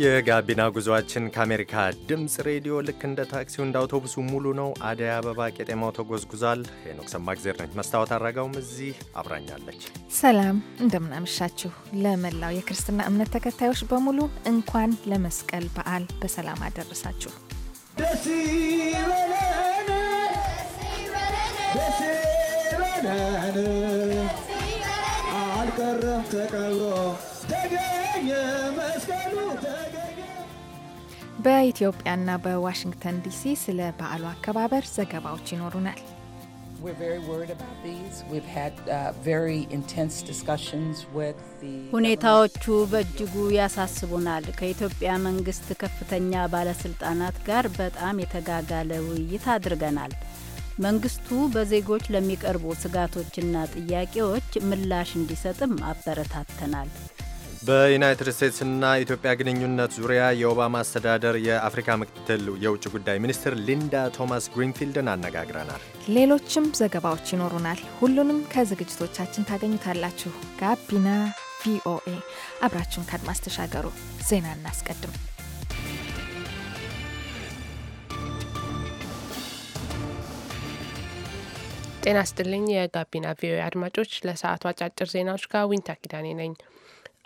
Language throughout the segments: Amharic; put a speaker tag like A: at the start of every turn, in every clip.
A: የጋቢና ጉዞአችን ከአሜሪካ ድምፅ ሬዲዮ ልክ እንደ ታክሲው እንደ አውቶቡሱ ሙሉ ነው። አደይ አበባ ቄጤማው ተጎዝጉዟል። ሄኖክ ሰማግዜር ነች። መስታወት አድረጋውም እዚህ አብራኛለች።
B: ሰላም እንደምናመሻችሁ። ለመላው የክርስትና እምነት ተከታዮች በሙሉ እንኳን ለመስቀል በዓል በሰላም አደረሳችሁ።
C: ደስ ይበለን፣
D: ደስ ይበለን ሲገረፍ ተቀብሮ ተገኘ መስቀሉ
B: ተገኘ። በኢትዮጵያና በዋሽንግተን ዲሲ ስለ በዓሉ አከባበር ዘገባዎች ይኖሩናል።
E: uh,
C: ሁኔታዎቹ በእጅጉ ያሳስቡናል። ከኢትዮጵያ መንግስት ከፍተኛ ባለስልጣናት ጋር በጣም የተጋጋለ ውይይት አድርገናል። መንግስቱ በዜጎች ለሚቀርቡ ስጋቶችና ጥያቄዎች ምላሽ እንዲሰጥም አበረታተናል።
A: በዩናይትድ ስቴትስና ኢትዮጵያ ግንኙነት ዙሪያ የኦባማ አስተዳደር የአፍሪካ ምክትል የውጭ ጉዳይ ሚኒስትር ሊንዳ ቶማስ ግሪንፊልድን አነጋግረናል።
B: ሌሎችም ዘገባዎች ይኖሩናል። ሁሉንም ከዝግጅቶቻችን ታገኙታላችሁ። ጋቢና ቪኦኤ፣ አብራችሁን ከአድማስ ተሻገሩ። ዜና እናስቀድም።
F: ጤና ስጥልኝ የጋቢና ቪኦኤ አድማጮች፣ ለሰዓቱ አጫጭር ዜናዎች ጋር ዊንታ ኪዳኔ ነኝ።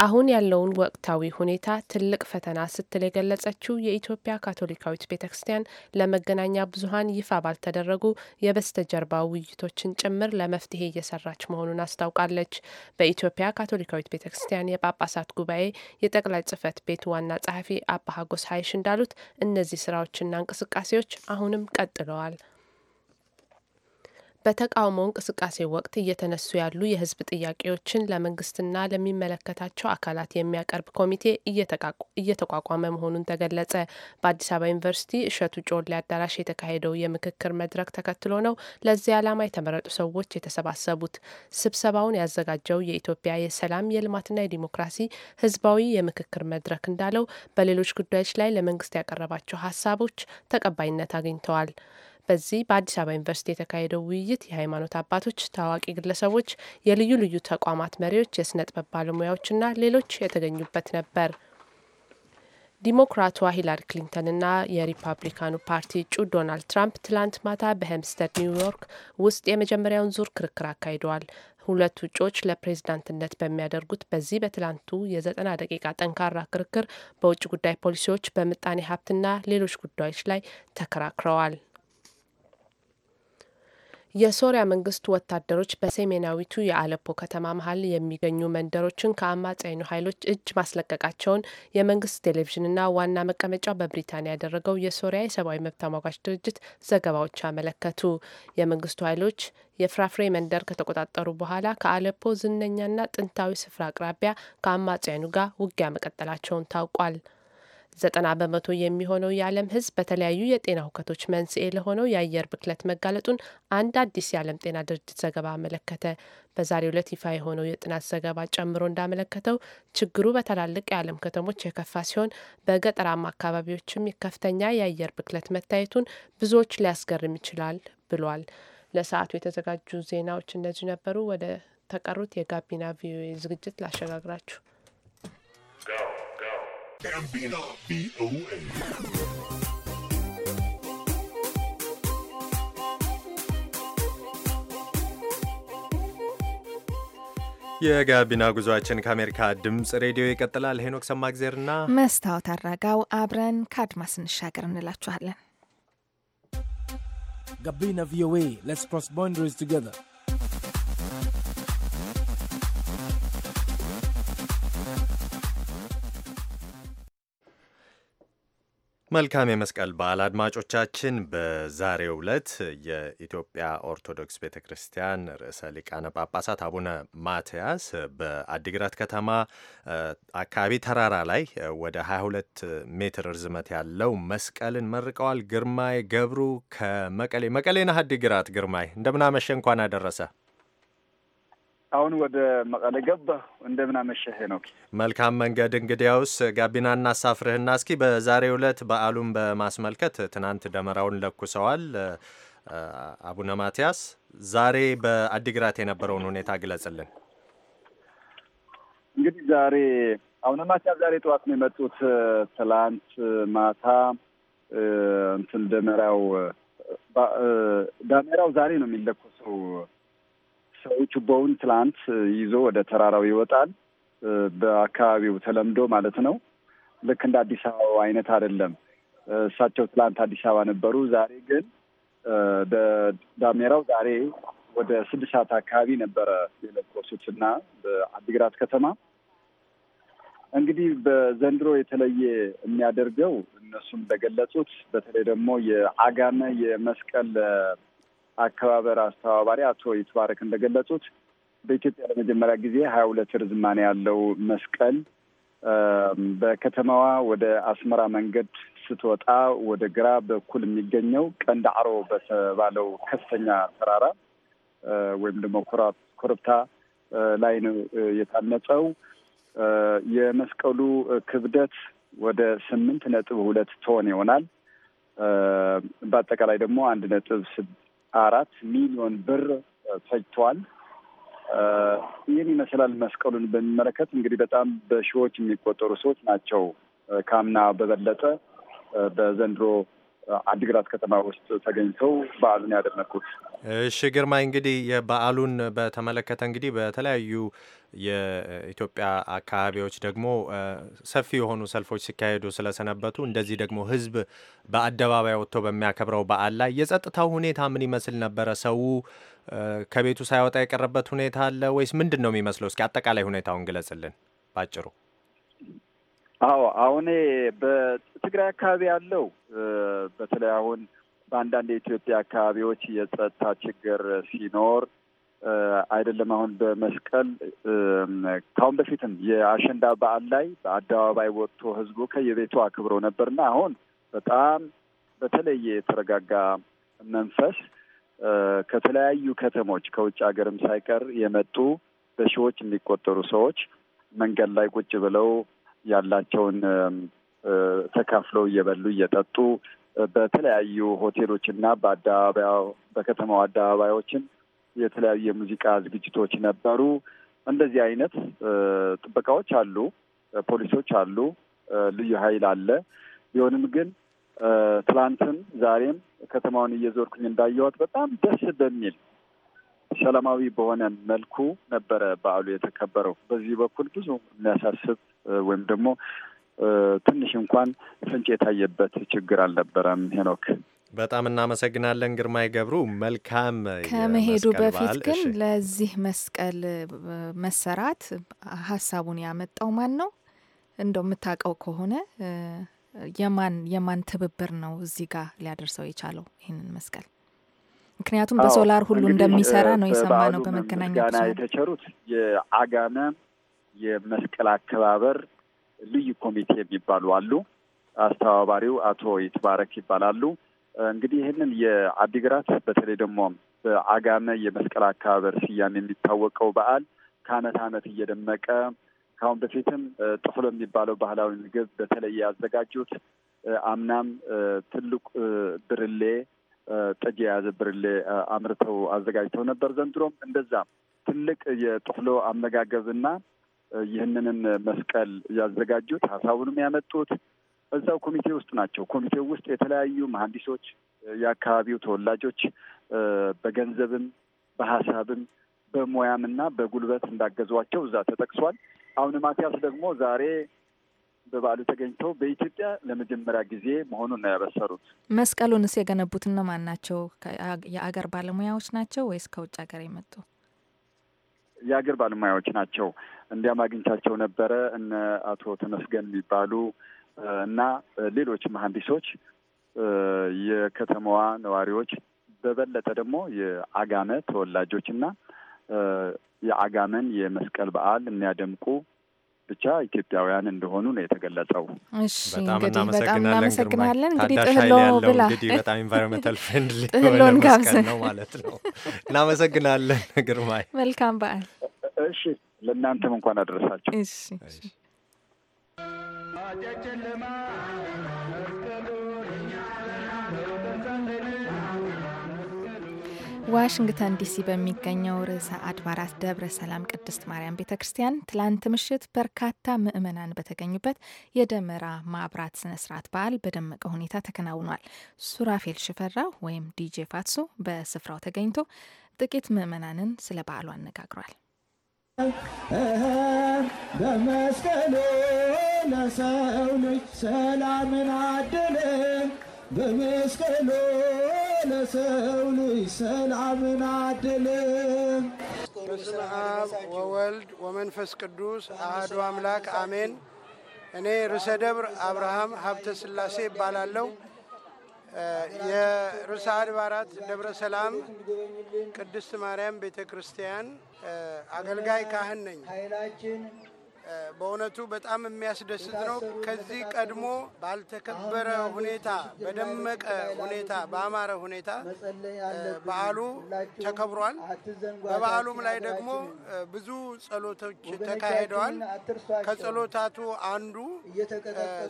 F: አሁን ያለውን ወቅታዊ ሁኔታ ትልቅ ፈተና ስትል የገለጸችው የኢትዮጵያ ካቶሊካዊት ቤተ ክርስቲያን ለመገናኛ ብዙኃን ይፋ ባልተደረጉ የበስተጀርባ ውይይቶችን ጭምር ለመፍትሄ እየሰራች መሆኑን አስታውቃለች። በኢትዮጵያ ካቶሊካዊት ቤተ ክርስቲያን የጳጳሳት ጉባኤ የጠቅላይ ጽህፈት ቤት ዋና ጸሐፊ አባ ሀጎስ ሀይሽ እንዳሉት እነዚህ ስራዎችና እንቅስቃሴዎች አሁንም ቀጥለዋል። በተቃውሞ እንቅስቃሴ ወቅት እየተነሱ ያሉ የህዝብ ጥያቄዎችን ለመንግስትና ለሚመለከታቸው አካላት የሚያቀርብ ኮሚቴ እየተቋቋመ መሆኑን ተገለጸ። በአዲስ አበባ ዩኒቨርሲቲ እሸቱ ጮሌ አዳራሽ የተካሄደው የምክክር መድረክ ተከትሎ ነው ለዚህ ዓላማ የተመረጡ ሰዎች የተሰባሰቡት። ስብሰባውን ያዘጋጀው የኢትዮጵያ የሰላም የልማትና የዲሞክራሲ ህዝባዊ የምክክር መድረክ እንዳለው በሌሎች ጉዳዮች ላይ ለመንግስት ያቀረባቸው ሀሳቦች ተቀባይነት አግኝተዋል። በዚህ በአዲስ አበባ ዩኒቨርሲቲ የተካሄደው ውይይት የሃይማኖት አባቶች፣ ታዋቂ ግለሰቦች፣ የልዩ ልዩ ተቋማት መሪዎች፣ የስነ ጥበብ ባለሙያዎችና ሌሎች የተገኙበት ነበር። ዲሞክራቷ ሂላሪ ክሊንተንና የሪፐብሊካኑ ፓርቲ እጩ ዶናልድ ትራምፕ ትላንት ማታ በሄምስተድ ኒውዮርክ ውስጥ የመጀመሪያውን ዙር ክርክር አካሂደዋል። ሁለቱ እጩዎች ለፕሬዝዳንትነት በሚያደርጉት በዚህ በትላንቱ የዘጠና ደቂቃ ጠንካራ ክርክር በውጭ ጉዳይ ፖሊሲዎች፣ በምጣኔ ሀብትና ሌሎች ጉዳዮች ላይ ተከራክረዋል። የሶሪያ መንግስት ወታደሮች በሰሜናዊቱ የአለፖ ከተማ መሀል የሚገኙ መንደሮችን ከአማጽያኑ ኃይሎች እጅ ማስለቀቃቸውን የመንግስት ቴሌቪዥንና ዋና መቀመጫ በብሪታንያ ያደረገው የሶሪያ የሰብአዊ መብት ተሟጋች ድርጅት ዘገባዎች አመለከቱ። የመንግስቱ ኃይሎች የፍራፍሬ መንደር ከተቆጣጠሩ በኋላ ከአለፖ ዝነኛና ጥንታዊ ስፍራ አቅራቢያ ከአማጽያኑ ጋር ውጊያ መቀጠላቸውን ታውቋል። ዘጠና በመቶ የሚሆነው የዓለም ሕዝብ በተለያዩ የጤና ሁከቶች መንስኤ ለሆነው የአየር ብክለት መጋለጡን አንድ አዲስ የዓለም ጤና ድርጅት ዘገባ አመለከተ። በዛሬው ዕለት ይፋ የሆነው የጥናት ዘገባ ጨምሮ እንዳመለከተው ችግሩ በትላልቅ የዓለም ከተሞች የከፋ ሲሆን በገጠራማ አካባቢዎችም ከፍተኛ የአየር ብክለት መታየቱን ብዙዎች ሊያስገርም ይችላል ብሏል። ለሰዓቱ የተዘጋጁ ዜናዎች እነዚህ ነበሩ። ወደ ተቀሩት የጋቢና ቪኦኤ ዝግጅት ላሸጋግራችሁ።
G: Gambino ቪኦኤ
A: የጋቢና ጉዟችን ከአሜሪካ ድምፅ ሬዲዮ ይቀጥላል። ሄኖክ ሰማግዜርና
B: መስታወት አራጋው አብረን ከአድማስ እንሻገር እንላችኋለን። ጋቢና ቪኦኤ ሌትስ ክሮስ ቦንደሪስ ቱጌዘር
A: መልካም የመስቀል በዓል አድማጮቻችን። በዛሬው ዕለት የኢትዮጵያ ኦርቶዶክስ ቤተ ክርስቲያን ርዕሰ ሊቃነ ጳጳሳት አቡነ ማትያስ በአዲግራት ከተማ አካባቢ ተራራ ላይ ወደ 22 ሜትር ርዝመት ያለው መስቀልን መርቀዋል። ግርማይ ገብሩ ከመቀሌ ነህ አዲግራት። ግርማይ እንደምናመሸ እንኳን አደረሰ።
H: አሁን ወደ መቀለ ገባ። እንደምን አመሸህ ሄኖክ።
A: መልካም መንገድ። እንግዲያውስ ጋቢና እናሳፍርህና እስኪ በዛሬው ዕለት በዓሉን በማስመልከት ትናንት ደመራውን ለኩሰዋል አቡነ ማትያስ። ዛሬ በአዲግራት የነበረውን ሁኔታ ግለጽልን።
H: እንግዲህ ዛሬ አቡነ ማትያስ ዛሬ ጠዋት ነው የመጡት። ትላንት ማታ እንትን ደመራው ዳሜራው ዛሬ ነው የሚለኮሰው ሰው ችቦውን ትላንት ይዞ ወደ ተራራው ይወጣል። በአካባቢው ተለምዶ ማለት ነው። ልክ እንደ አዲስ አበባ አይነት አይደለም። እሳቸው ትላንት አዲስ አበባ ነበሩ። ዛሬ ግን በዳሜራው ዛሬ ወደ ስድስት ሰዓት አካባቢ ነበረ የለኮሱት እና በአዲግራት ከተማ እንግዲህ በዘንድሮ የተለየ የሚያደርገው እነሱም እንደገለጹት በተለይ ደግሞ የአጋነ የመስቀል አከባበር አስተባባሪ አቶ ይትባረክ እንደገለጹት በኢትዮጵያ ለመጀመሪያ ጊዜ ሀያ ሁለት ርዝማኔ ያለው መስቀል በከተማዋ ወደ አስመራ መንገድ ስትወጣ ወደ ግራ በኩል የሚገኘው ቀንድ አሮ በተባለው ከፍተኛ ተራራ ወይም ደግሞ ኮረብታ ላይ ነው የታነጸው። የመስቀሉ ክብደት ወደ ስምንት ነጥብ ሁለት ቶን ይሆናል። በአጠቃላይ ደግሞ አንድ ነጥብ አራት ሚሊዮን ብር ፈጅቷል። ይህን ይመስላል መስቀሉን በሚመለከት እንግዲህ በጣም በሺዎች የሚቆጠሩ ሰዎች ናቸው ከአምና በበለጠ በዘንድሮ አዲግራት ከተማ ውስጥ ተገኝተው በዓሉን ያደነቁት
A: እሺ ግርማይ፣ እንግዲህ የበዓሉን በተመለከተ እንግዲህ በተለያዩ የኢትዮጵያ አካባቢዎች ደግሞ ሰፊ የሆኑ ሰልፎች ሲካሄዱ ስለሰነበቱ እንደዚህ ደግሞ ህዝብ በአደባባይ ወጥቶ በሚያከብረው በዓል ላይ የጸጥታው ሁኔታ ምን ይመስል ነበረ? ሰው ከቤቱ ሳይወጣ የቀረበት ሁኔታ አለ ወይስ ምንድን ነው የሚመስለው? እስኪ አጠቃላይ ሁኔታውን ግለጽልን ባጭሩ።
H: አዎ አሁን በትግራይ አካባቢ ያለው በተለይ አሁን በአንዳንድ የኢትዮጵያ አካባቢዎች የጸጥታ ችግር ሲኖር አይደለም አሁን በመስቀል ካሁን በፊትም የአሸንዳ በዓል ላይ በአደባባይ ወጥቶ ህዝቡ ከየቤቱ አክብሮ ነበርና አሁን በጣም በተለየ የተረጋጋ መንፈስ ከተለያዩ ከተሞች ከውጭ ሀገርም ሳይቀር የመጡ በሺዎች የሚቆጠሩ ሰዎች መንገድ ላይ ቁጭ ብለው ያላቸውን ተካፍለው እየበሉ እየጠጡ በተለያዩ ሆቴሎችና በአደባባያ በከተማው አደባባዮችን የተለያዩ የሙዚቃ ዝግጅቶች ነበሩ። እንደዚህ አይነት ጥበቃዎች አሉ፣ ፖሊሶች አሉ፣ ልዩ ኃይል አለ። ቢሆንም ግን ትላንትም ዛሬም ከተማውን እየዞርኩኝ እንዳየዋት በጣም ደስ በሚል ሰላማዊ በሆነ መልኩ ነበረ በዓሉ የተከበረው። በዚህ በኩል ብዙ የሚያሳስብ ወይም ደግሞ ትንሽ እንኳን ፍንጭ የታየበት ችግር አልነበረም። ሄኖክ
A: በጣም እናመሰግናለን። ግርማይ ገብሩ መልካም።
B: ከመሄዱ በፊት ግን ለዚህ መስቀል መሰራት ሀሳቡን ያመጣው ማን ነው? እንደው የምታውቀው ከሆነ የማን የማን ትብብር ነው እዚህ ጋር ሊያደርሰው የቻለው ይህንን መስቀል? ምክንያቱም በሶላር
I: ሁሉ እንደሚሰራ ነው የሰማ ነው በመገናኛ
H: የተቸሩት የአጋመ የመስቀል አከባበር ልዩ ኮሚቴ የሚባሉ አሉ። አስተባባሪው አቶ ይትባረክ ይባላሉ። እንግዲህ ይህንን የአዲግራት በተለይ ደግሞ በአጋመ የመስቀል አከባበር ስያሜ የሚታወቀው በዓል ከአመት ዓመት እየደመቀ ከአሁን በፊትም ጥፍሎ የሚባለው ባህላዊ ምግብ በተለይ ያዘጋጁት አምናም ትልቅ ብርሌ ጠጅ የያዘ ብርሌ አምርተው አዘጋጅተው ነበር። ዘንድሮም እንደዛ ትልቅ የጥፍሎ አመጋገብና ይህንንን መስቀል ያዘጋጁት ሀሳቡንም ያመጡት እዛው ኮሚቴ ውስጥ ናቸው። ኮሚቴው ውስጥ የተለያዩ መሀንዲሶች፣ የአካባቢው ተወላጆች በገንዘብም በሀሳብም በሙያም እና በጉልበት እንዳገዟቸው እዛ ተጠቅሷል። አሁን ማቲያስ ደግሞ ዛሬ በበዓሉ ተገኝተው በኢትዮጵያ ለመጀመሪያ ጊዜ መሆኑን ነው ያበሰሩት።
B: መስቀሉንስ የገነቡት እነማን ናቸው? የአገር ባለሙያዎች ናቸው ወይስ ከውጭ ሀገር የመጡ?
H: የአገር ባለሙያዎች ናቸው። እንዲያም አግኝቻቸው ነበረ። እነ አቶ ተመስገን የሚባሉ እና ሌሎች መሀንዲሶች የከተማዋ ነዋሪዎች በበለጠ ደግሞ የአጋመ ተወላጆች እና የአጋመን የመስቀል በዓል የሚያደምቁ ብቻ ኢትዮጵያውያን እንደሆኑ ነው የተገለጸው። በጣም እናመሰግናለን። እንግዲህ ጥህሎ ብላ እንግዲህ በጣም ኢንቫይሮንመንታል ፍሬንድሊ ጥህሎን ጋብዘን ነው ማለት ነው።
A: እናመሰግናለን ግርማይ።
B: መልካም በዓል። እሺ
A: ለእናንተም እንኳን አደረሳችሁ።
B: ዋሽንግተን ዲሲ በሚገኘው ርዕሰ አድባራት ደብረ ሰላም ቅድስት ማርያም ቤተ ክርስቲያን ትላንት ምሽት በርካታ ምዕመናን በተገኙበት የደመራ ማብራት ስነ ስርዓት በዓል በደመቀ ሁኔታ ተከናውኗል። ሱራፌል ሽፈራው ወይም ዲጄ ፋትሱ በስፍራው ተገኝቶ ጥቂት ምዕመናንን ስለ በዓሉ አነጋግሯል።
D: በመስቀሉ ለሰው ልጅ ሰላምን አደለ በመስቀሉ ለሰው ልጅ ሰላምን አደለ። በስመ አብ ወወልድ ወመንፈስ ቅዱስ አህዱ አምላክ አሜን። እኔ ርዕሰ ደብር አብርሃም ሀብተ ስላሴ ይባላለሁ። የርዕሰ አድባራት ደብረ ሰላም ቅድስት ማርያም ቤተ ክርስቲያን አገልጋይ ካህን ነኝ። በእውነቱ በጣም የሚያስደስት ነው። ከዚህ ቀድሞ ባልተከበረ ሁኔታ፣ በደመቀ ሁኔታ፣ በአማረ ሁኔታ በዓሉ ተከብሯል። በበዓሉም ላይ ደግሞ ብዙ ጸሎቶች ተካሂደዋል። ከጸሎታቱ አንዱ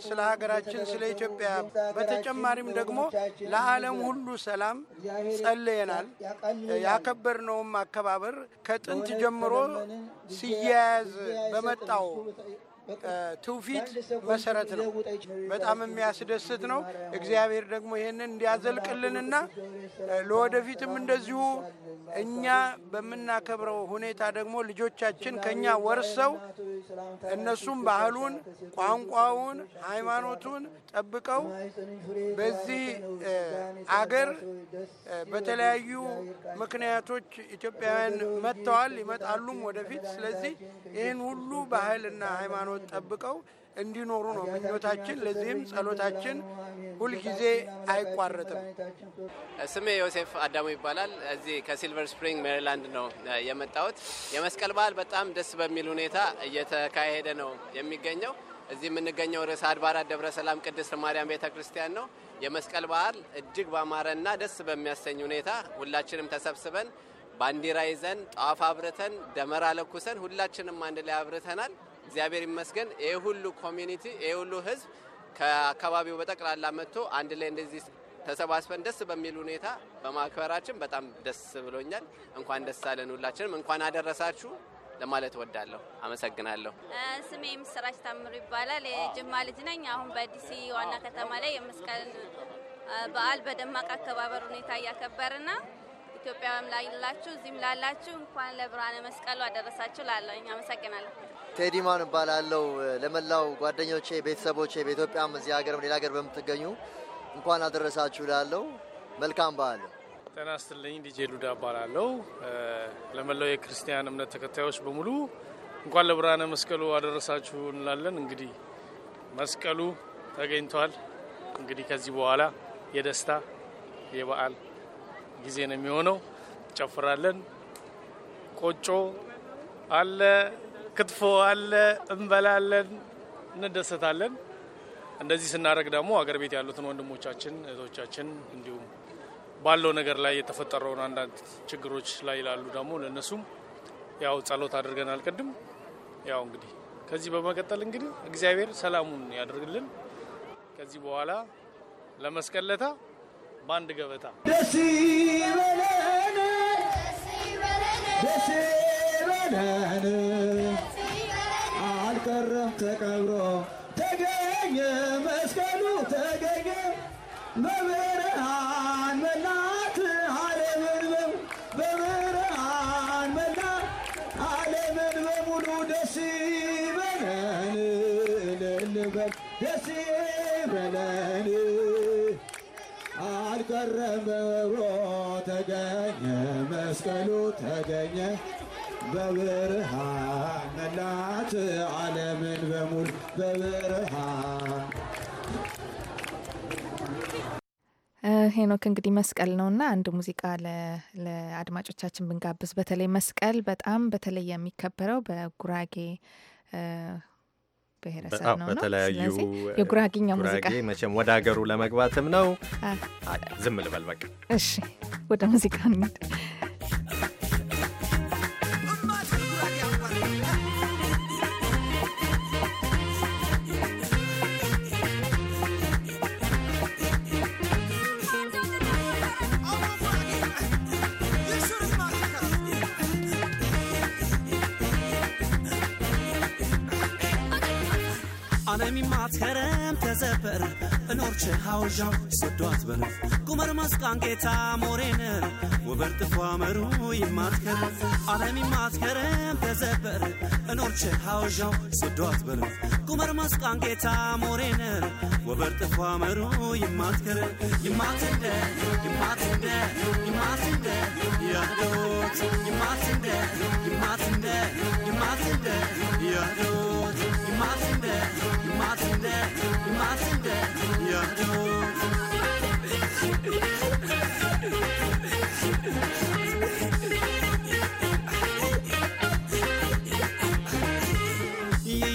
D: ስለ ሀገራችን ስለ ኢትዮጵያ፣ በተጨማሪም ደግሞ ለዓለም ሁሉ ሰላም ጸልየናል። ያከበርነውም አከባበር ከጥንት ጀምሮ ሲያያዝ በመጣው Ciao. ትውፊት መሰረት ነው። በጣም የሚያስደስት ነው። እግዚአብሔር ደግሞ ይህንን እንዲያዘልቅልንና ለወደፊትም እንደዚሁ እኛ በምናከብረው ሁኔታ ደግሞ ልጆቻችን ከኛ ወርሰው እነሱም ባህሉን፣ ቋንቋውን፣ ሃይማኖቱን ጠብቀው በዚህ አገር በተለያዩ ምክንያቶች ኢትዮጵያውያን መጥተዋል፣ ይመጣሉም ወደፊት። ስለዚህ ይህን ሁሉ ባህልና ሃይማኖት ሃይማኖት ጠብቀው እንዲኖሩ ነው ምኞታችን። ለዚህም ጸሎታችን ሁልጊዜ አይቋረጥም። ስሜ ዮሴፍ አዳሙ ይባላል። እዚህ ከሲልቨር ስፕሪንግ ሜሪላንድ ነው የመጣሁት። የመስቀል በዓል በጣም ደስ በሚል ሁኔታ እየተካሄደ ነው የሚገኘው። እዚህ የምንገኘው ርዕሰ አድባራት ደብረ ሰላም ቅድስት ማርያም ቤተ ክርስቲያን ነው። የመስቀል በዓል እጅግ ባማረና ደስ በሚያሰኝ ሁኔታ ሁላችንም ተሰብስበን ባንዲራ ይዘን ጧፍ አብርተን ደመራ ለኩሰን ሁላችንም አንድ ላይ አብርተናል። እግዚአብሔር ይመስገን ይህ ሁሉ ኮሚኒቲ ይህ ሁሉ ህዝብ ከአካባቢው በጠቅላላ መጥቶ አንድ ላይ እንደዚህ ተሰባስበን ደስ በሚል ሁኔታ በማክበራችን በጣም ደስ ብሎኛል። እንኳን ደስ አለን። ሁላችንም እንኳን አደረሳችሁ ለማለት ወዳለሁ። አመሰግናለሁ።
C: ስሜ ምስራች ታምሩ ይባላል። የጅማ ልጅ ነኝ። አሁን በዲሲ ዋና ከተማ ላይ የመስቀል በዓል በደማቅ አከባበር ሁኔታ እያከበርን ነው። ኢትዮጵያውያን ላይ ላችሁ እዚህም ላላችሁ እንኳን ለብርሃነ መስቀሉ አደረሳችሁ ላለኝ አመሰግናለሁ።
A: ማን እባላለሁ። ለመላው ጓደኞቼ፣ ቤተሰቦቼ በኢትዮጵያም እዚህ ሀገርም ሌላ ሀገር በምትገኙ እንኳን አደረሳችሁ ላለው መልካም በዓል። ጤና ይስጥልኝ። ዲጄ ሉዳ እባላለሁ። ለመላው የክርስቲያን እምነት ተከታዮች በሙሉ እንኳን ለብርሃነ መስቀሉ አደረሳችሁ እንላለን። እንግዲህ መስቀሉ ተገኝቷል። እንግዲህ ከዚህ በኋላ የደስታ የበዓል ጊዜ ነው የሚሆነው። እንጨፍራለን። ቆጮ አለ፣ ክትፎ አለ፣ እንበላለን፣ እንደሰታለን። እንደዚህ ስናደርግ ደግሞ አገር ቤት ያሉትን ወንድሞቻችን እህቶቻችን እንዲሁም ባለው ነገር ላይ የተፈጠረውን አንዳንድ ችግሮች ላይ ላሉ ደግሞ ለእነሱም ያው ጸሎት አድርገናል ቅድም። ያው እንግዲህ ከዚህ በመቀጠል እንግዲህ እግዚአብሔር ሰላሙን ያደርግልን። ከዚህ በኋላ ለመስቀለታ በአንድ ገበታ
C: ደስ ይበለን ደስ ይበለን
D: አልቀረም ተቀብሮ ተገኘ መስቀሉ ተገኘ
B: ሄኖክ እንግዲህ መስቀል ነው ነውና አንድ ሙዚቃ ለአድማጮቻችን ብንጋብዝ፣ በተለይ መስቀል በጣም በተለይ የሚከበረው በጉራጌ ብሔረሰብ ነው። በተለያዩ የጉራጌኛ ሙዚቃ
A: መቼም ወደ ሀገሩ ለመግባትም ነው። ዝም ልበል በቃ።
B: እሺ ወደ ሙዚቃ እንሂድ።
D: ሸሃውዣው
A: ሰዶ አትበረ
D: ጉመር መስቃን ጌታ ሞሬን ወበር ጥፎ አመሩ ይማትከረ ዓለም ተዘበር እኖር ሸሃውዣው
A: ሰዶ አትበረ ጉመር መስቃን ጌታ ሞሬን ወበር ጥፎ አመሩ ይማትንደ ይማትንደ ይማትንደ ያዶት ይማትንደ ይማትንደ ይማትንደ ያዶት
C: ይማትንደ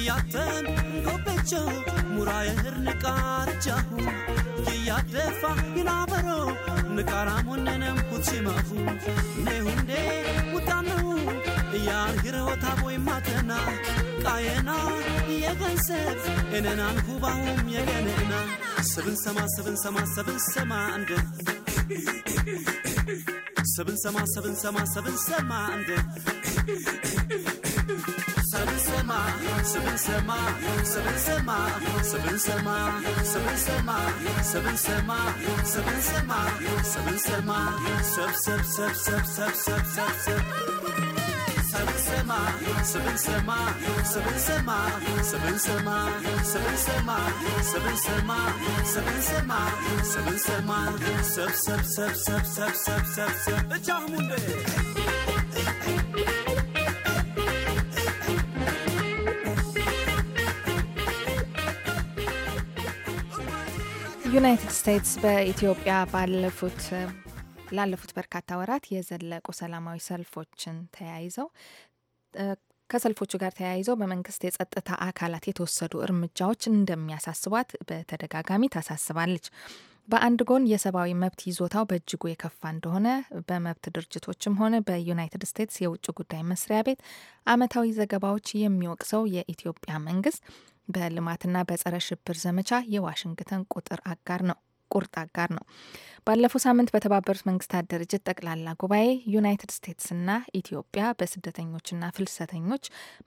D: Yatan, o pecho, muraya her ne kadar እያደፋ ይናበሮ ንቃራሞነነም ኩትሲመፉ ኔሁንዴ ውታነው እያርግረወታ ቦይማተና ቃየና
A: የገንዘብ እነናን ሁባሁም የገነና ሰብን ሰማ ሰብን ሰማ ሰብን ሰማ እንደ ሰብን ሰማ ሰብን ሰማ ሰብን ሰማ እንደ sevinsema, sevinsema, sevinsema, sevinsema, sevinsema, sevinsema, sevinsema, sevinsema, sep sep sep sep sep sep sep sep. Sevinsema, sevinsema, sevinsema, sevinsema, sevinsema, sevinsema, sevinsema, sevinsema, sep sep sep sep sep sep sep sep. Ecahmunde.
B: ዩናይትድ ስቴትስ በኢትዮጵያ ባለፉት ላለፉት በርካታ ወራት የዘለቁ ሰላማዊ ሰልፎችን ተያይዘው ከሰልፎቹ ጋር ተያይዘው በመንግስት የጸጥታ አካላት የተወሰዱ እርምጃዎች እንደሚያሳስቧት በተደጋጋሚ ታሳስባለች። በአንድ ጎን የሰብአዊ መብት ይዞታው በእጅጉ የከፋ እንደሆነ በመብት ድርጅቶችም ሆነ በዩናይትድ ስቴትስ የውጭ ጉዳይ መስሪያ ቤት አመታዊ ዘገባዎች የሚወቅሰው የኢትዮጵያ መንግስት በልማትና በጸረ ሽብር ዘመቻ የዋሽንግተን ቁጥር አጋር ነው ቁርጥ አጋር ነው። ባለፈው ሳምንት በተባበሩት መንግስታት ድርጅት ጠቅላላ ጉባኤ ዩናይትድ ስቴትስና ኢትዮጵያ በስደተኞችና ፍልሰተኞች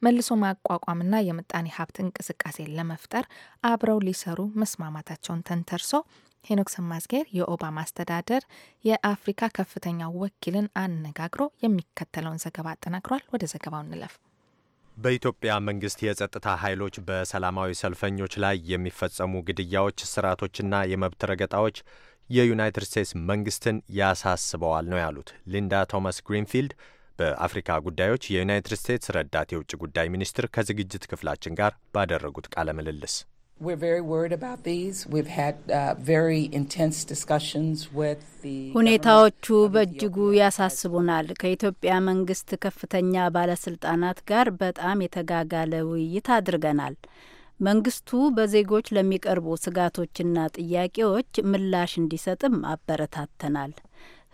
B: መልሶ ማቋቋምና የምጣኔ ሀብት እንቅስቃሴ ለመፍጠር አብረው ሊሰሩ መስማማታቸውን ተንተርሶ ሄኖክ ሰማዝጌር የኦባማ አስተዳደር የአፍሪካ ከፍተኛ ወኪልን አነጋግሮ የሚከተለውን ዘገባ አጠናክሯል። ወደ ዘገባው እንለፍ።
A: በኢትዮጵያ መንግስት የጸጥታ ኃይሎች በሰላማዊ ሰልፈኞች ላይ የሚፈጸሙ ግድያዎች፣ ስርዓቶችና የመብት ረገጣዎች የዩናይትድ ስቴትስ መንግስትን ያሳስበዋል ነው ያሉት ሊንዳ ቶማስ ግሪንፊልድ በአፍሪካ ጉዳዮች የዩናይትድ ስቴትስ ረዳት የውጭ ጉዳይ ሚኒስትር ከዝግጅት ክፍላችን ጋር ባደረጉት ቃለ ምልልስ
E: Uh,
C: ሁኔታዎቹ በእጅጉ ያሳስቡናል። ከኢትዮጵያ መንግስት ከፍተኛ ባለስልጣናት ጋር በጣም የተጋጋለ ውይይት አድርገናል። መንግስቱ በዜጎች ለሚቀርቡ ስጋቶችና ጥያቄዎች ምላሽ እንዲሰጥም አበረታተናል።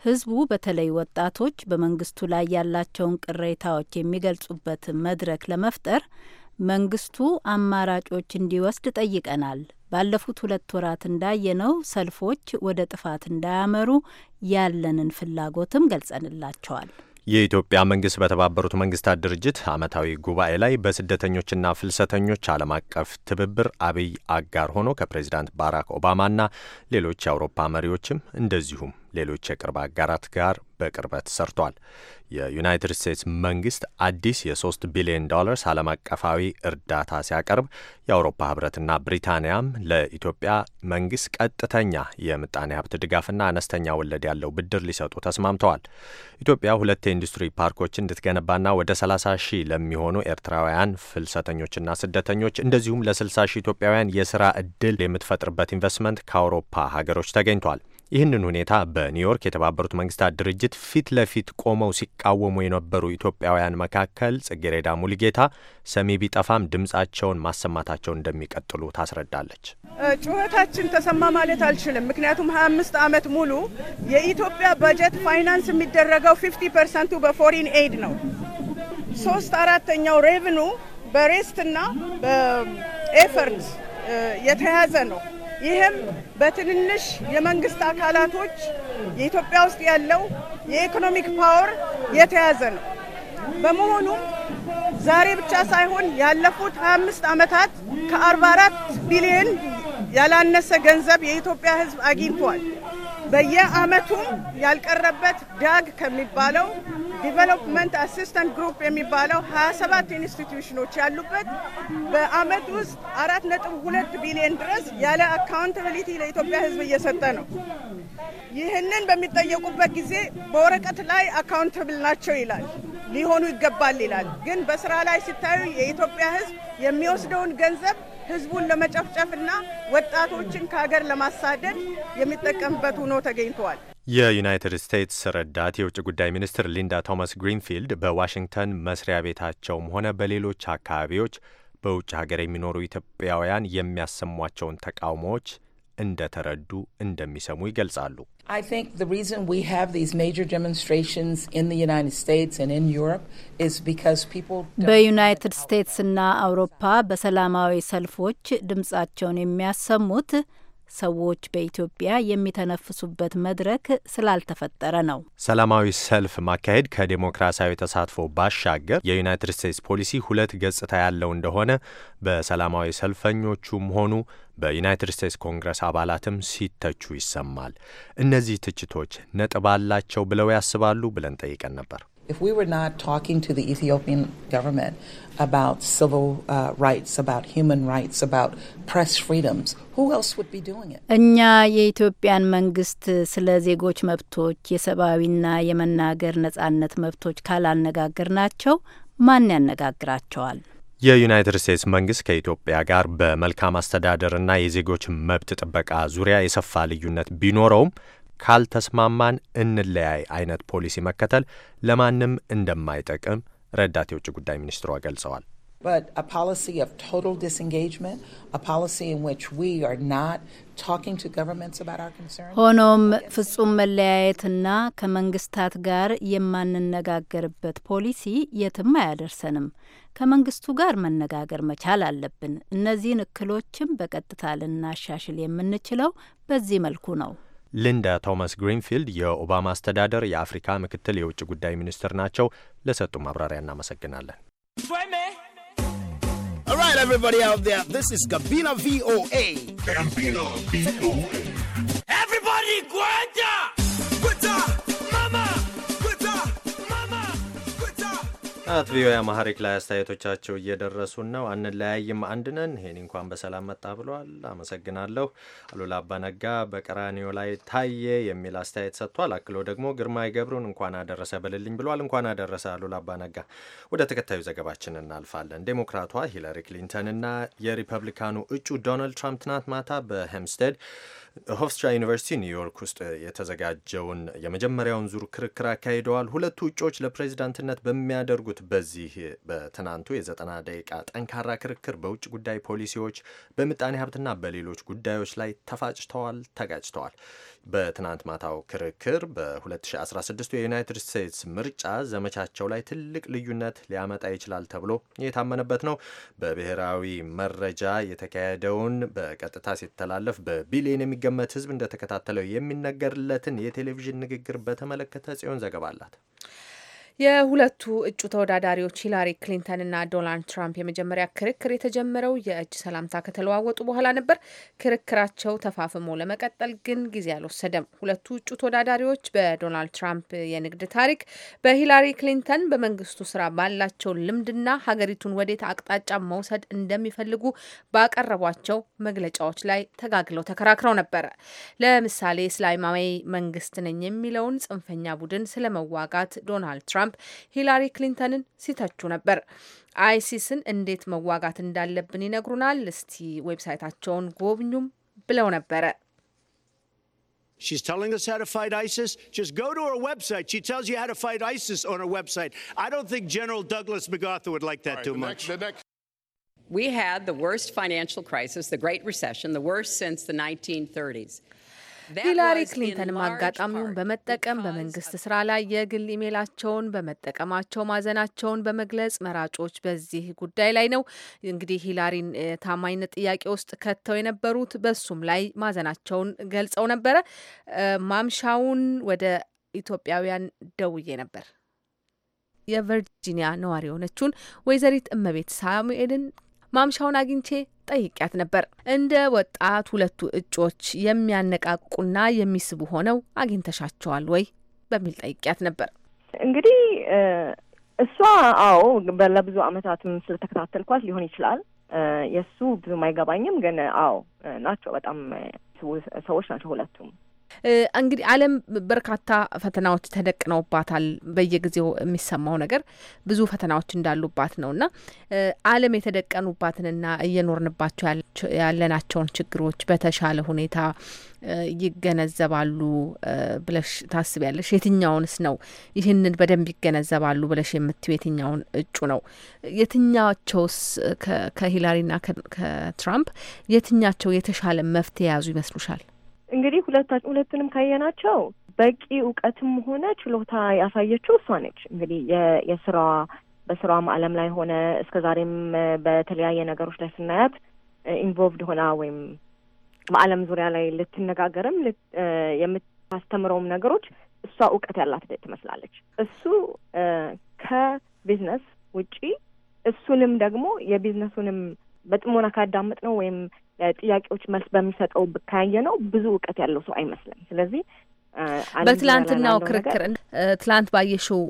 C: ህዝቡ በተለይ ወጣቶች በመንግስቱ ላይ ያላቸውን ቅሬታዎች የሚገልጹበት መድረክ ለመፍጠር መንግስቱ አማራጮች እንዲወስድ ጠይቀናል። ባለፉት ሁለት ወራት እንዳየነው ሰልፎች ወደ ጥፋት እንዳያመሩ ያለንን ፍላጎትም ገልጸንላቸዋል።
A: የኢትዮጵያ መንግስት በተባበሩት መንግስታት ድርጅት አመታዊ ጉባኤ ላይ በስደተኞችና ፍልሰተኞች ዓለም አቀፍ ትብብር አብይ አጋር ሆኖ ከፕሬዚዳንት ባራክ ኦባማና ሌሎች የአውሮፓ መሪዎችም እንደዚሁም ሌሎች የቅርብ አጋራት ጋር በቅርበት ሰርቷል። የዩናይትድ ስቴትስ መንግስት አዲስ የ3 ቢሊዮን ዶላርስ ዓለም አቀፋዊ እርዳታ ሲያቀርብ የአውሮፓ ህብረትና ብሪታንያም ለኢትዮጵያ መንግስት ቀጥተኛ የምጣኔ ሀብት ድጋፍና አነስተኛ ወለድ ያለው ብድር ሊሰጡ ተስማምተዋል። ኢትዮጵያ ሁለት የኢንዱስትሪ ፓርኮች እንድትገነባና ወደ 30 ሺህ ለሚሆኑ ኤርትራውያን ፍልሰተኞችና ስደተኞች እንደዚሁም ለ60 ሺህ ኢትዮጵያውያን የስራ እድል የምትፈጥርበት ኢንቨስትመንት ከአውሮፓ ሀገሮች ተገኝቷል። ይህንን ሁኔታ በኒውዮርክ የተባበሩት መንግስታት ድርጅት ፊት ለፊት ቆመው ሲቃወሙ የነበሩ ኢትዮጵያውያን መካከል ጽጌሬዳ ሙልጌታ ሰሚ ቢጠፋም ድምፃቸውን ማሰማታቸውን እንደሚቀጥሉ ታስረዳለች።
J: ጩኸታችን ተሰማ ማለት አልችልም። ምክንያቱም 25 ዓመት ሙሉ የኢትዮጵያ በጀት ፋይናንስ የሚደረገው 50 ፐርሰንቱ በፎሪን ኤድ ነው። ሶስት አራተኛው ሬቭኑ በሬስትና በኤፈርት የተያዘ ነው። ይህም በትንንሽ የመንግስት አካላቶች የኢትዮጵያ ውስጥ ያለው የኢኮኖሚክ ፓወር የተያዘ ነው። በመሆኑም ዛሬ ብቻ ሳይሆን ያለፉት 25 ዓመታት ከ44 ቢሊዮን ያላነሰ ገንዘብ የኢትዮጵያ ሕዝብ አግኝቷል። በየአመቱም ያልቀረበት ዳግ ከሚባለው ዲቨሎፕመንት አሲስታንት ግሩፕ የሚባለው 27 ኢንስቲትዩሽኖች ያሉበት በአመት ውስጥ 4.2 ቢሊዮን ድረስ ያለ አካውንታብሊቲ ለኢትዮጵያ ህዝብ እየሰጠ ነው። ይህንን በሚጠየቁበት ጊዜ በወረቀት ላይ አካውንታብል ናቸው ይላል ሊሆኑ ይገባል ይላል። ግን በስራ ላይ ሲታዩ የኢትዮጵያ ህዝብ የሚወስደውን ገንዘብ ህዝቡን ለመጨፍጨፍና ወጣቶችን ከሀገር ለማሳደድ የሚጠቀምበት ሆኖ ተገኝተዋል።
A: የዩናይትድ ስቴትስ ረዳት የውጭ ጉዳይ ሚኒስትር ሊንዳ ቶማስ ግሪንፊልድ በዋሽንግተን መስሪያ ቤታቸውም ሆነ በሌሎች አካባቢዎች በውጭ ሀገር የሚኖሩ ኢትዮጵያውያን የሚያሰሟቸውን ተቃውሞዎች እንደተረዱ እንደሚሰሙ ይገልጻሉ።
E: I think the reason we have these major demonstrations in the United States and in Europe is because people
C: በዩናይትድ ስቴትስና አውሮፓ በሰላማዊ ሰልፎች ድምጻቸውን የሚያሰሙት ሰዎች በኢትዮጵያ የሚተነፍሱበት መድረክ ስላልተፈጠረ ነው።
A: ሰላማዊ ሰልፍ ማካሄድ ከዴሞክራሲያዊ ተሳትፎ ባሻገር የዩናይትድ ስቴትስ ፖሊሲ ሁለት ገጽታ ያለው እንደሆነ በሰላማዊ ሰልፈኞቹም ሆኑ በዩናይትድ ስቴትስ ኮንግረስ አባላትም ሲተቹ ይሰማል። እነዚህ ትችቶች ነጥብ አላቸው ብለው ያስባሉ ብለን ጠይቀን ነበር።
E: If we were not talking to the Ethiopian government about civil uh, rights, about human rights, about press freedoms, who else would be doing it? እኛ
C: የኢትዮጵያን መንግስት ስለ ዜጎች መብቶች የሰብአዊና የመናገር ነጻነት መብቶች ካላነጋገር ናቸው ማን ያነጋግራቸዋል?
A: የዩናይትድ ስቴትስ መንግስት ከኢትዮጵያ ጋር በመልካም አስተዳደርና የዜጎች መብት ጥበቃ ዙሪያ የሰፋ ልዩነት ቢኖረውም ካልተስማማን እንለያይ አይነት ፖሊሲ መከተል ለማንም እንደማይጠቅም ረዳት የውጭ ጉዳይ ሚኒስትሯ ገልጸዋል።
E: but a policy of total disengagement, a policy in which we are not talking to governments about our concerns. ሆኖም
C: ፍጹም መለያየትና ከመንግስታት ጋር የማንነጋገርበት ፖሊሲ የትም አያደርሰንም። ከመንግስቱ ጋር መነጋገር መቻል አለብን። እነዚህን እክሎችም በቀጥታ ልናሻሽል የምንችለው በዚህ መልኩ ነው።
A: ሊንዳ ቶማስ ግሪንፊልድ የኦባማ አስተዳደር የአፍሪካ ምክትል የውጭ ጉዳይ ሚኒስትር ናቸው። ለሰጡ ማብራሪያ እናመሰግናለን።
E: All right, everybody out there, this is Gabina VOA. Gabina VOA.
A: አት ቪኦኤ አማሐሪክ ላይ አስተያየቶቻቸው እየደረሱን ነው። አንለያይም፣ አንድ ነን። ይሄን እንኳን በሰላም መጣ ብሏል። አመሰግናለሁ። አሉላ አባነጋ በቀራኒዮ ላይ ታየ የሚል አስተያየት ሰጥቷል። አክሎ ደግሞ ግርማይ ገብሩን እንኳን አደረሰ በልልኝ ብሏል። እንኳን አደረሰ አሉላ አባነጋ። ወደ ተከታዩ ዘገባችን እናልፋለን። ዴሞክራቷ ሂለሪ እና የሪፐብሊካኑ እጩ ዶናልድ ትራምፕ ትናንት ማታ በሄምስቴድ ሆፍስትራ ዩኒቨርሲቲ ኒውዮርክ ውስጥ የተዘጋጀውን የመጀመሪያውን ዙር ክርክር አካሂደዋል። ሁለቱ እጩዎች ለፕሬዚዳንትነት በሚያደርጉት በዚህ በትናንቱ የዘጠና ደቂቃ ጠንካራ ክርክር በውጭ ጉዳይ ፖሊሲዎች፣ በምጣኔ ሀብትና በሌሎች ጉዳዮች ላይ ተፋጭተዋል፣ ተጋጭተዋል። በትናንት ማታው ክርክር በ2016 የዩናይትድ ስቴትስ ምርጫ ዘመቻቸው ላይ ትልቅ ልዩነት ሊያመጣ ይችላል ተብሎ የታመነበት ነው። በብሔራዊ መረጃ የተካሄደውን በቀጥታ ሲተላለፍ በቢሊዮን የሚገመት ሕዝብ እንደተከታተለው የሚነገርለትን የቴሌቪዥን ንግግር በተመለከተ ጽዮን ዘገባ አላት።
G: የሁለቱ እጩ ተወዳዳሪዎች ሂላሪ ክሊንተንና ዶናልድ ትራምፕ የመጀመሪያ ክርክር የተጀመረው የእጅ ሰላምታ ከተለዋወጡ በኋላ ነበር። ክርክራቸው ተፋፍሞ ለመቀጠል ግን ጊዜ አልወሰደም። ሁለቱ እጩ ተወዳዳሪዎች በዶናልድ ትራምፕ የንግድ ታሪክ፣ በሂላሪ ክሊንተን በመንግስቱ ስራ ባላቸው ልምድና ሀገሪቱን ወዴት አቅጣጫ መውሰድ እንደሚፈልጉ ባቀረቧቸው መግለጫዎች ላይ ተጋግለው ተከራክረው ነበረ። ለምሳሌ እስላማዊ መንግስት ነኝ የሚለውን ጽንፈኛ ቡድን ስለመዋጋት ዶናልድ ትራምፕ ትራምፕ ሂላሪ ክሊንተንን ሲተቹ ነበር። አይሲስን እንዴት መዋጋት እንዳለብን ይነግሩናል፣ እስቲ ዌብሳይታቸውን ጎብኙም ብለው ነበረ።
A: She's telling us how to fight ISIS. Just go to her website. She tells you how to fight ISIS on her website. I don't think General Douglas MacArthur would like that right, too much. Next, next.
E: We had the worst financial crisis, the Great Recession, the worst since the 1930s. ሂላሪ ክሊንተንም
G: አጋጣሚውን በመጠቀም በመንግስት ስራ ላይ የግል ኢሜላቸውን በመጠቀማቸው ማዘናቸውን በመግለጽ መራጮች በዚህ ጉዳይ ላይ ነው እንግዲህ ሂላሪን ታማኝነት ጥያቄ ውስጥ ከተው የነበሩት በሱም ላይ ማዘናቸውን ገልጸው ነበረ። ማምሻውን ወደ ኢትዮጵያውያን ደውዬ ነበር። የቨርጂኒያ ነዋሪ የሆነችውን ወይዘሪት እመቤት ሳሙኤልን ማምሻውን አግኝቼ ጠይቂያት ነበር። እንደ ወጣት ሁለቱ እጮች የሚያነቃቁና የሚስቡ ሆነው አግኝተሻቸዋል ወይ በሚል ጠይቂያት ነበር። እንግዲህ እሷ አዎ፣ ለብዙ ዓመታትም ስለተከታተልኳት ሊሆን ይችላል።
I: የእሱ ብዙም አይገባኝም፣ ግን አዎ ናቸው። በጣም ሰዎች ናቸው ሁለቱም።
G: እንግዲህ ዓለም በርካታ ፈተናዎች ተደቅነውባታል። በየጊዜው የሚሰማው ነገር ብዙ ፈተናዎች እንዳሉባት ነው እና ዓለም የተደቀኑባትንና እየኖርንባቸው ያለናቸውን ችግሮች በተሻለ ሁኔታ ይገነዘባሉ ብለሽ ታስቢያለሽ? የትኛውንስ ነው ይህንን በደንብ ይገነዘባሉ ብለሽ የምትዩ የትኛውን እጩ ነው? የትኛቸውስ ከሂላሪና ከትራምፕ የትኛቸው የተሻለ መፍትሄ የያዙ ይመስሉሻል?
I: እንግዲህ ሁለቱንም ካየናቸው በቂ እውቀትም ሆነ ችሎታ ያሳየችው እሷ ነች። እንግዲህ የስራዋ በስራዋም አለም ላይ ሆነ እስከ ዛሬም በተለያየ ነገሮች ላይ ስናያት ኢንቮልቭድ ሆና ወይም በአለም ዙሪያ ላይ ልትነጋገርም የምታስተምረውም ነገሮች እሷ እውቀት ያላት ትመስላለች። እሱ ከቢዝነስ ውጪ እሱንም ደግሞ የቢዝነሱንም በጥሞና ካዳመጥ ነው ወይም ጥያቄዎች መልስ በሚሰጠው ብካያየ ነው ብዙ እውቀት ያለው ሰው አይመስልም። ስለዚህ በትላንትናው ክርክር
G: ትላንት ባየሽው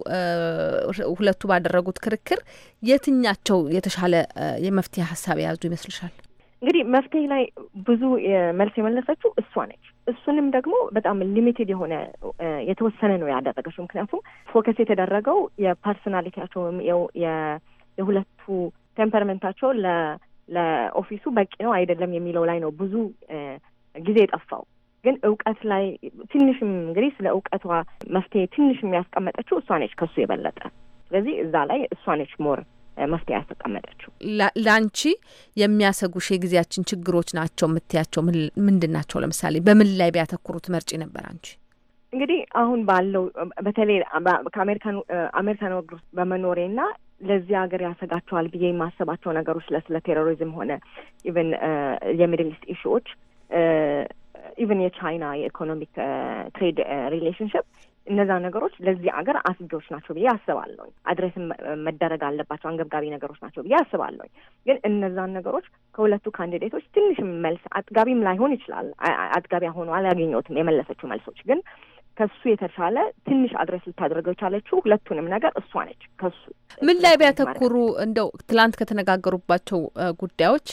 G: ሁለቱ ባደረጉት ክርክር የትኛቸው የተሻለ የመፍትሄ ሀሳብ የያዙ ይመስልሻል?
I: እንግዲህ መፍትሄ ላይ ብዙ መልስ የመለሰችው እሷ ነች። እሱንም ደግሞ በጣም ሊሚቴድ የሆነ የተወሰነ ነው ያደረገችው። ምክንያቱም ፎከስ የተደረገው የፐርሶናሊቲያቸው የሁለቱ ቴምፐርመንታቸው ለኦፊሱ በቂ ነው አይደለም የሚለው ላይ ነው ብዙ ጊዜ የጠፋው። ግን እውቀት ላይ ትንሽም እንግዲህ ስለ እውቀቷ መፍትሄ ትንሽም ያስቀመጠችው እሷ ነች ከሱ የበለጠ። ስለዚህ እዛ ላይ እሷ ነች ሞር መፍትሄ ያስቀመጠችው።
G: ለአንቺ የሚያሰጉሽ የጊዜያችን ችግሮች ናቸው የምትያቸው ምንድን ናቸው? ለምሳሌ በምን ላይ ቢያተኩሩት መርጪ ነበር አንቺ?
I: እንግዲህ አሁን ባለው በተለይ ከአሜሪካን አሜሪካን ወግ ውስጥ በመኖሬና ለዚህ ሀገር ያሰጋቸዋል ብዬ የማሰባቸው ነገሮች ስለ ቴሮሪዝም ሆነ ኢቨን የሚድል ኢስት ኢሹዎች ኢቨን የቻይና የኢኮኖሚክ ትሬድ ሪሌሽንሽፕ እነዛ ነገሮች ለዚህ አገር አስጊዎች ናቸው ብዬ አስባለሁ አድሬስን መደረግ አለባቸው አንገብጋቢ ነገሮች ናቸው ብዬ አስባለሁኝ። ግን እነዛን ነገሮች ከሁለቱ ካንዲዴቶች ትንሽ መልስ አጥጋቢም ላይሆን ይችላል። አጥጋቢ ሆኖ አላገኘሁትም የመለሰችው መልሶች ግን ከሱ የተሻለ ትንሽ አድረስ ልታደርገው የቻለችው ሁለቱንም ነገር እሷ ነች።
G: ከሱ ምን ላይ ቢያተኩሩ እንደው ትላንት ከተነጋገሩባቸው ጉዳዮች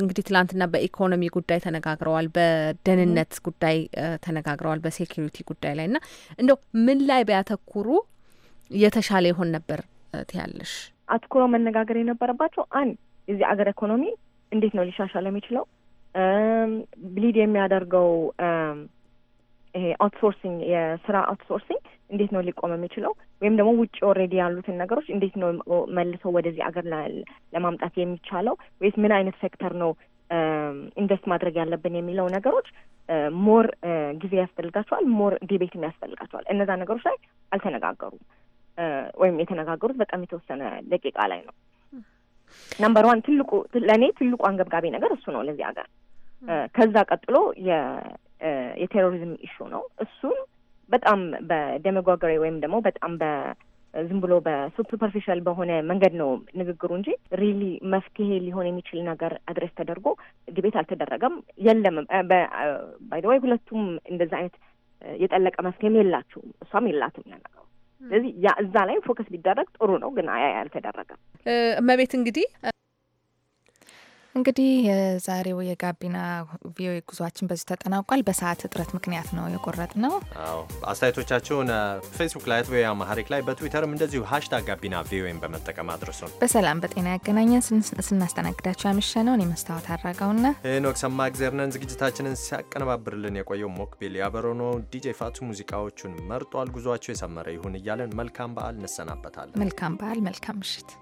G: እንግዲህ ትላንትና በኢኮኖሚ ጉዳይ ተነጋግረዋል፣ በደህንነት ጉዳይ ተነጋግረዋል፣ በሴኪሪቲ ጉዳይ ላይ እና እንደው ምን ላይ ቢያተኩሩ የተሻለ ይሆን ነበር ትያለሽ?
I: አትኩሮ መነጋገር የነበረባቸው አንድ የዚህ አገር ኢኮኖሚ እንዴት ነው ሊሻሻል የሚችለው ብሊድ የሚያደርገው ይሄ አውትሶርሲንግ የስራ አውትሶርሲንግ እንዴት ነው ሊቆም የሚችለው? ወይም ደግሞ ውጭ ኦልሬዲ ያሉትን ነገሮች እንዴት ነው መልሰው ወደዚህ አገር ለማምጣት የሚቻለው? ወይስ ምን አይነት ሴክተር ነው ኢንቨስት ማድረግ ያለብን የሚለው ነገሮች ሞር ጊዜ ያስፈልጋቸዋል፣ ሞር ዲቤትም ያስፈልጋቸዋል። እነዛ ነገሮች ላይ አልተነጋገሩም ወይም የተነጋገሩት በጣም የተወሰነ ደቂቃ ላይ ነው። ነምበር ዋን ትልቁ ለእኔ ትልቁ አንገብጋቢ ነገር እሱ ነው ለዚህ ሀገር። ከዛ ቀጥሎ የቴሮሪዝም ኢሹ ነው። እሱን በጣም በደመጓገሬ ወይም ደግሞ በጣም በዝም ብሎ በሱፐርፊሻል በሆነ መንገድ ነው ንግግሩ እንጂ ሪሊ መፍትሄ ሊሆን የሚችል ነገር አድሬስ ተደርጎ ዲቤት አልተደረገም። የለም ባይደወይ ሁለቱም እንደዛ አይነት የጠለቀ መፍትሄም የላቸውም፣ እሷም የላትም ነገር ስለዚህ ያ እዛ ላይ ፎከስ ቢደረግ ጥሩ ነው፣ ግን አያ አልተደረገም።
B: እመቤት እንግዲህ እንግዲህ የዛሬው የጋቢና ቪኦኤ ጉዟችን በዚህ ተጠናቋል። በሰዓት እጥረት ምክንያት ነው የቆረጥ ነው።
A: አስተያየቶቻችሁን ፌስቡክ ላይ ቪኦኤ አማሪክ ላይ በትዊተርም እንደዚሁ ሀሽታግ ጋቢና ቪኦኤን በመጠቀም አድርሱ።
B: በሰላም በጤና ያገናኘን። ስናስተናግዳቸው እኔ የመስታወት አድራጋውና
A: ሄኖክ ሰማ እግዜርነን ዝግጅታችንን ሲያቀነባብርልን የቆየው ሞክቤል ያበሮ ነው። ዲጄ ፋቱ ሙዚቃዎቹን መርጧል። ጉዟቸው የሰመረ ይሁን እያለን መልካም በዓል እንሰናበታለን።
B: መልካም በዓል፣ መልካም ምሽት።